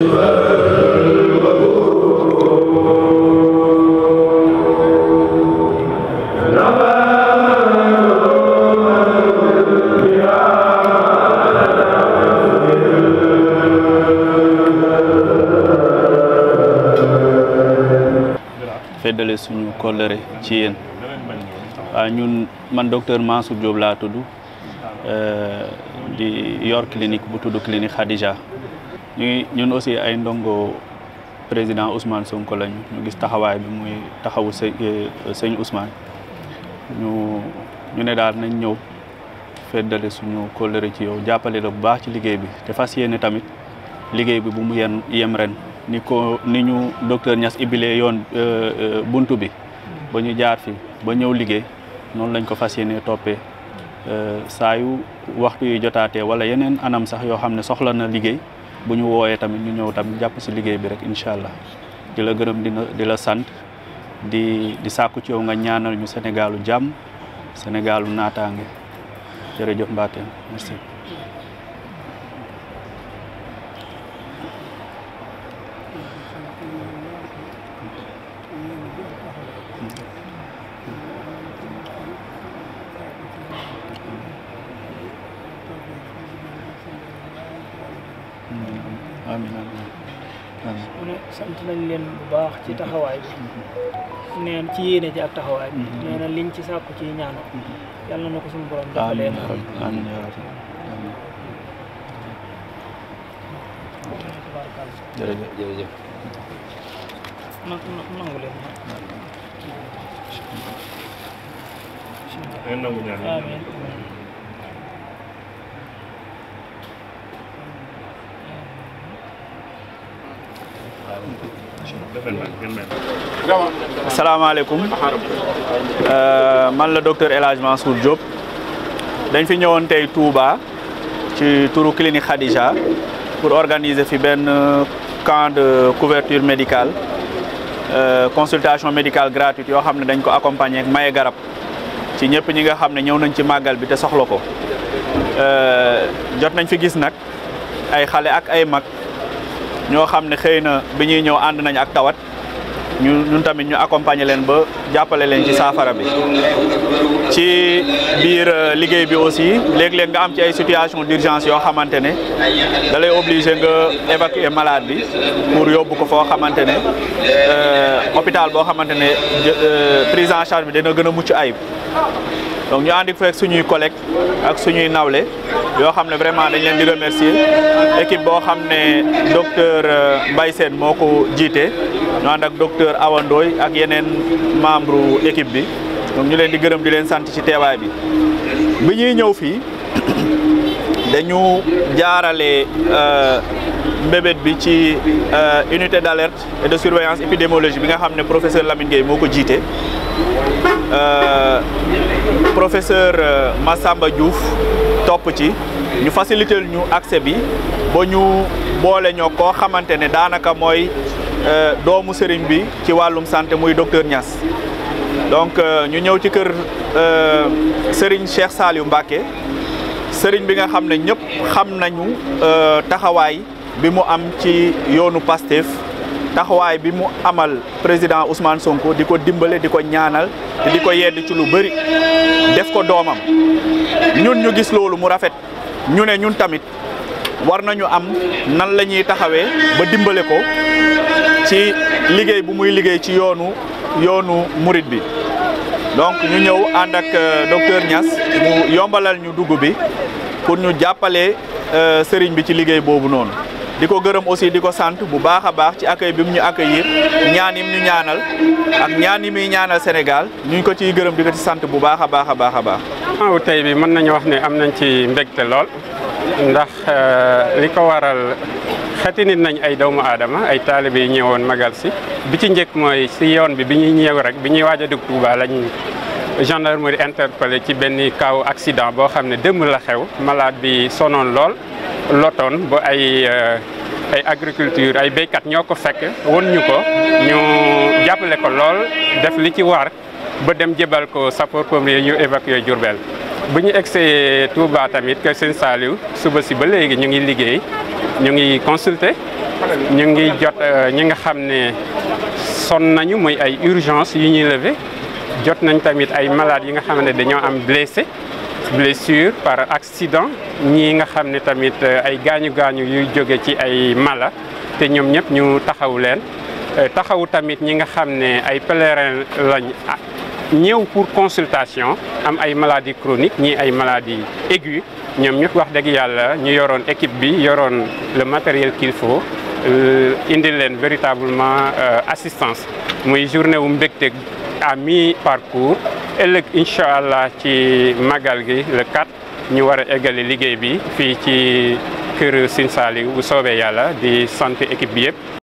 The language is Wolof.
feddale suñu kollere ci yeen ah, ñun man docteur Mansour Diop la tuddu euh di yor clinique bu tuddu clinique Khadija ñu ngi ñun aussi ay ndongo président Ousmane Sonko lañu ñu gis taxawaay bi muy taxawu sëñ eh, sëñ Ousmane ñu ñu ne daal nañ ñëw feddale suñu kóllëre ci yow jàppale la bu baax ci liggéey bi te fas yéene tamit liggéey bi bu mu yen yem ren ni ko ni ñu docteur ñas ibile yoon eh, eh, bunt bi ba ñu jaar fi ba ñëw liggéey noonu lañ ko fas yéene toppee saa yu waxtu yu jotaatee wala yeneen anam sax yoo xam ne soxla na liggéey buñu ñu tamit ñu ñëw tamit japp ci liggéey bi rek inshallah di la gërëm di di la sante di di sàkku ci yow nga ñaanal ñu sénégalu jam sénégalu naataange jëf mbaté merci Mm-hmm amin amin, mu ne sant nañ leen bu baax ci taxawaay bi neen ci yéene ci ak taxawaay bi mm-hmm. nee na liñ ci amin, ci ñaanal mm-hmm. yàlla na ko suñu borom amin amin amin amin amin amin amin amin amin salaamaaleykum euh, man la docteur El Hadj Mansour Diop dañ fi ñëwoon tey Touba ci turu clinique Khadija pour organiser fi benn camp de couverture médicale euh, consultation médicale gratuite yoo xam ne dañ ko accompagner ak maye garab ci ñëpp ñi nga xam ne ñëw nañ ci màggal bi te soxla ko euh, jot nañ fi gis nag ay xale ak ay mag. ñoo xam ne xëy na bi ñuy ñëw ànd nañ ak tawat ñu ñun tamit ñu accompagner leen ba jàppale leen ci saafara bi ci biir euh, liggéey bi aussi léeg-léeg nga am ci ay situation d'urgence yoo xamante ne da lay obligé nga évacuer malade bi pour yóbbu ko foo xamante ne euh, hôpital boo xamante ne euh, prise en charge bi dina gën a mucc ayib donc ñu ànd ak suñuy collègues ak suñuy nawle yoo xam ne vraiment dañ leen di remercier équipe boo xam ne docteur euh, Mbaye Sène moo ko jiite ñu ànd ak docteur Awa ak yeneen membre équipe bi donc ñu leen di gërëm di leen sant ci teewaay bi bi ñuy ñëw fii dañu jaarale euh, mbébét bi ci euh, unité d'alerte et de surveillance épidémiologie bi nga xam ne professeur Lamine Gueye moo ko jiite euh, professeur euh, Massamba Diouf topp ci ñu faciliter ñu accès bi ba ñu boole ñoo koo xamante ne daanaka mooy doomu sëriñ bi ci wàllum santé muy docteur Niass donc ñu ñëw ci kër sëriñ Cheikh Saliou Mbacké sëriñ bi nga xam ne ñëpp xam nañu taxawaay bi mu am ci yoonu Pastef taxawaay bi mu amal président Ousmane Sonko di ko dimbale di ko ñaanal te di ko yedd ci lu bëri def ko doomam ñun ñu gis loolu mu rafet ñu ne ñun tamit war nañu am nan la ñuy taxawee ba dimbale ko ci liggéey bu muy liggéey ci yoonu yoonu murit bi donc ñu ñëw ànd ak euh, docteur Niass mu yombalal ñu dugg bi pour ñu jàppale euh, sëriñ bi ci liggéey boobu noonu di ko gërëm aussi di ko sant bu baax a baax ci accueil bi mu ñu accueillir ñaan yim ñu ñaanal ak ñaan ñaanal Sénégal ñu ko ci gërëm di ko ci sant bu baax a baax a baax a baax. waaw tey bi mën nañu wax ne am nañ ci mbégte lool ndax euh, li ko waral xeeti nit nañ ay doomu aadama ay taalibe yi ñëwoon magal si bi ci njëkk mooy si yoon bi bi ñuy ñëw rek bi ñuy waaj a dugg Touba lañ gendarmerie interpellé ci benn kaw accident boo xam ne démb la xew malaat bi sonoon lool. lotoon ba ay euh, ay agriculture ay béykat ñoo ko fekk won ñu ko ñu jàppale ko lool def li ci war ba dem jëbal ko sapeurs-pompiers ñu évacuer Diourbel bu ñu egg see Touba tamit kër Sëñ Saliou suba si ba léegi ñu ngi liggéey ñu ngi consulter ñu ngi jot euh, ñi nga xam ne sonn nañu mooy ay urgence yu ñuy lever jot nañ tamit ay malades yi nga xam ne dañoo am blessé blessure par accident Ni nga xam ne tamit euh, ay gaañu gaañu yuy jóge ci ay mala te ñoom ñëpp ñu taxaw leen euh, taxawu tamit ñi nga xam ne ay pèlerin lañ ah, ñëw pour consultation am ay maladies chroniques ñii ay maladies aigu. ñoom ñëpp wax dëgg yàlla ñu yoroon équipe bi yoroon le matériel qu'il faut euh, indi leen véritablement assistance muy journée wu mbégte à mi parcours ëllëg incha allah ci magal gi le 4 ñu war a eggale liggéey bi fii ci kër sinsali bu soobee yàlla di sant équipe bi yëpp.